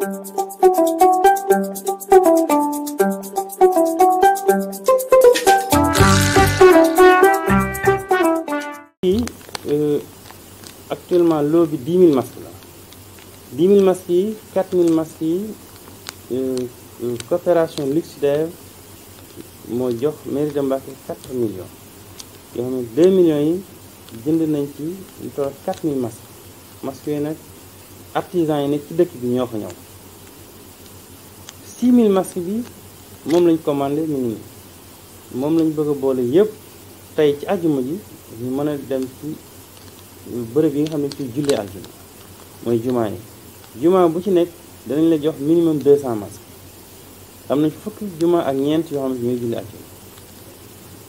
fii euh, actuellement loo bi dix mille masques la dix mille masques yi quatre mille masques euh, euh, coopération Luxdev moo jox mairie de Mbacké quatre millions yoo xam ne deux yi jënd nañ ci lu toll quatre mille masques nag artisans yi nekk ci dëkk bi ñoo ko ñëw six mille masques bi moom lañ commandé mi moom lañ bëgg a boole yëpp tey ci àjjuma ji ñu mën a dem ci bërëb yi nga xam ne ci jullee àjjuma mooy jumaa yi jumaa bu ci nekk danañ la jox minimum 200 masques am nañ fukk jumaa ak ñeent yoo xam ne ñooy jullee àjjuma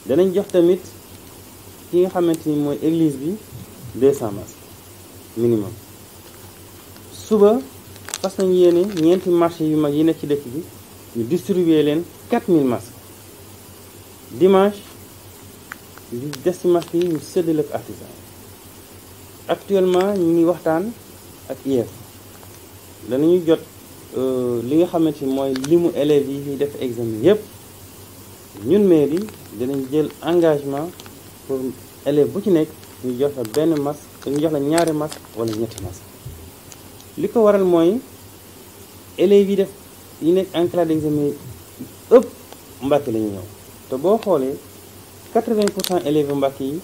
danañ jox tamit ki nga xamante ni mooy eglise bi 200 masques minimum suba fas nañu yéene ñeenti marché yu mag yi nekk ci dëkk bi ñu distribuer leen 4000 masques dimanche li des ci masques yi ñu séddale ak artisan actuellement ñu ngi waxtaan ak IEF danañu jot euh, li nga xamante ni mooy limu élèves yi ñuy def examen yépp ñun mairie dinañ jël engagement pour élève bu ci nekk ñu jox la benn masque ñu jox la ñaari masque wala ñetti masque li ko waral mooy élèves yi def yi nekk en classe d'examen ëpp Mbàkke lañu ñu ñëw te boo xoolee 80 pour cent élèves Mbàkke yi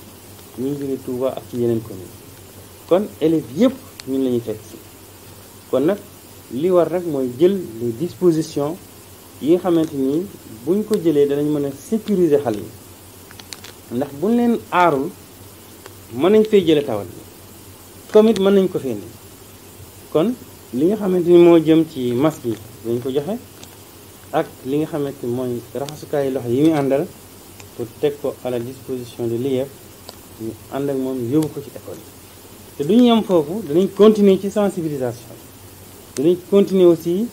ñu ngi jóge Touba ak ci yeneen commune kon élèves yëpp ñun la ñuy fekk si kon nag li war rek mooy jël les dispositions yi nga xamante ni buñ ko jëlee danañ mën a sécuriser xale yi ndax buñ leen aarul mën nañ fay jële tawal bi comme it mën nañ ko fee kon li nga xamante ni moo jëm ci masque yi dañ ko joxe ak li nga xamante ni mooy raxasukaayu loxo yi muy àndal pour teg ko à la disposition de l'IEF ñu ànd ak moom yóbbu ko ci école yi te duñu yem foofu danañ continuer ci sensibilisation danañ continuer aussi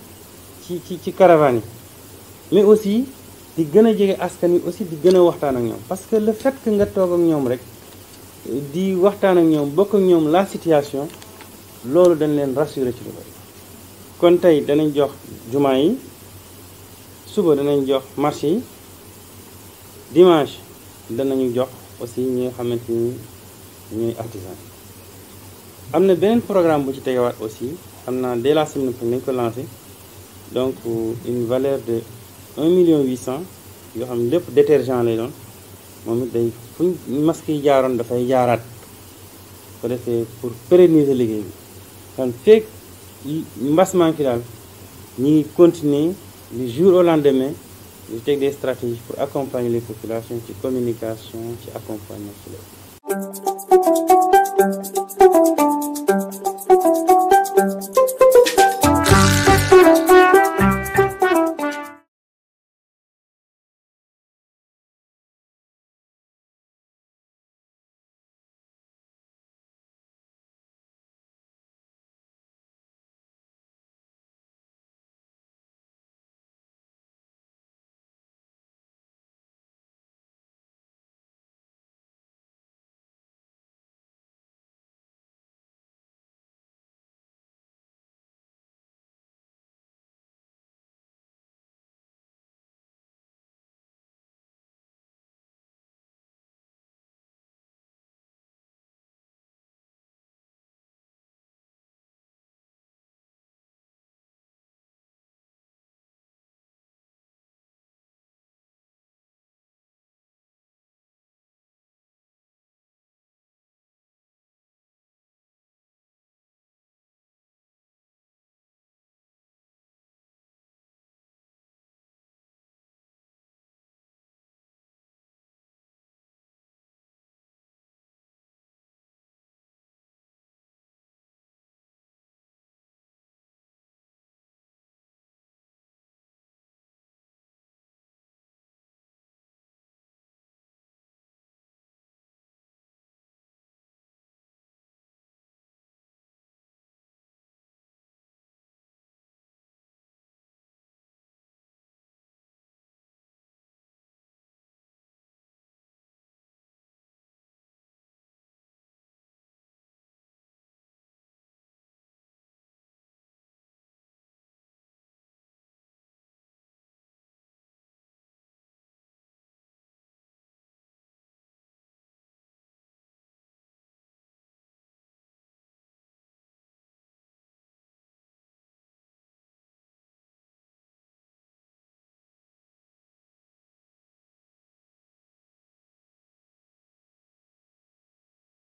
ci ci ci caravane yi mais aussi di gën a jege askan yi aussi di gën a waxtaan ak ñoom parce que le fait que nga toog ak ñoom rek di waxtaan ak ñoom bokk ak ñoom la situation loolu dañ leen rassuré ci lu bari kon tey danañ jox jumaa yi suba danañ jox marché yi dimanche danañu jox aussi ñi nga xamante ni ñooy artisan am na beneen programme bu ci tegewaat aussi xam naa dès la semaine pour nañ ko lancé donc une valeur de 1 million 800 yoo xam lépp détergent lay doon moom it day fu masque yi jaaroon dafay jaaraat ko defee pour nii pérenniser liggéey bi kon feeg mbas manqué daal ñi ngi continuer du jour au lendemain ñu teg des stratégies pour accompagner les populations ci communication ci accompagnement ci lépp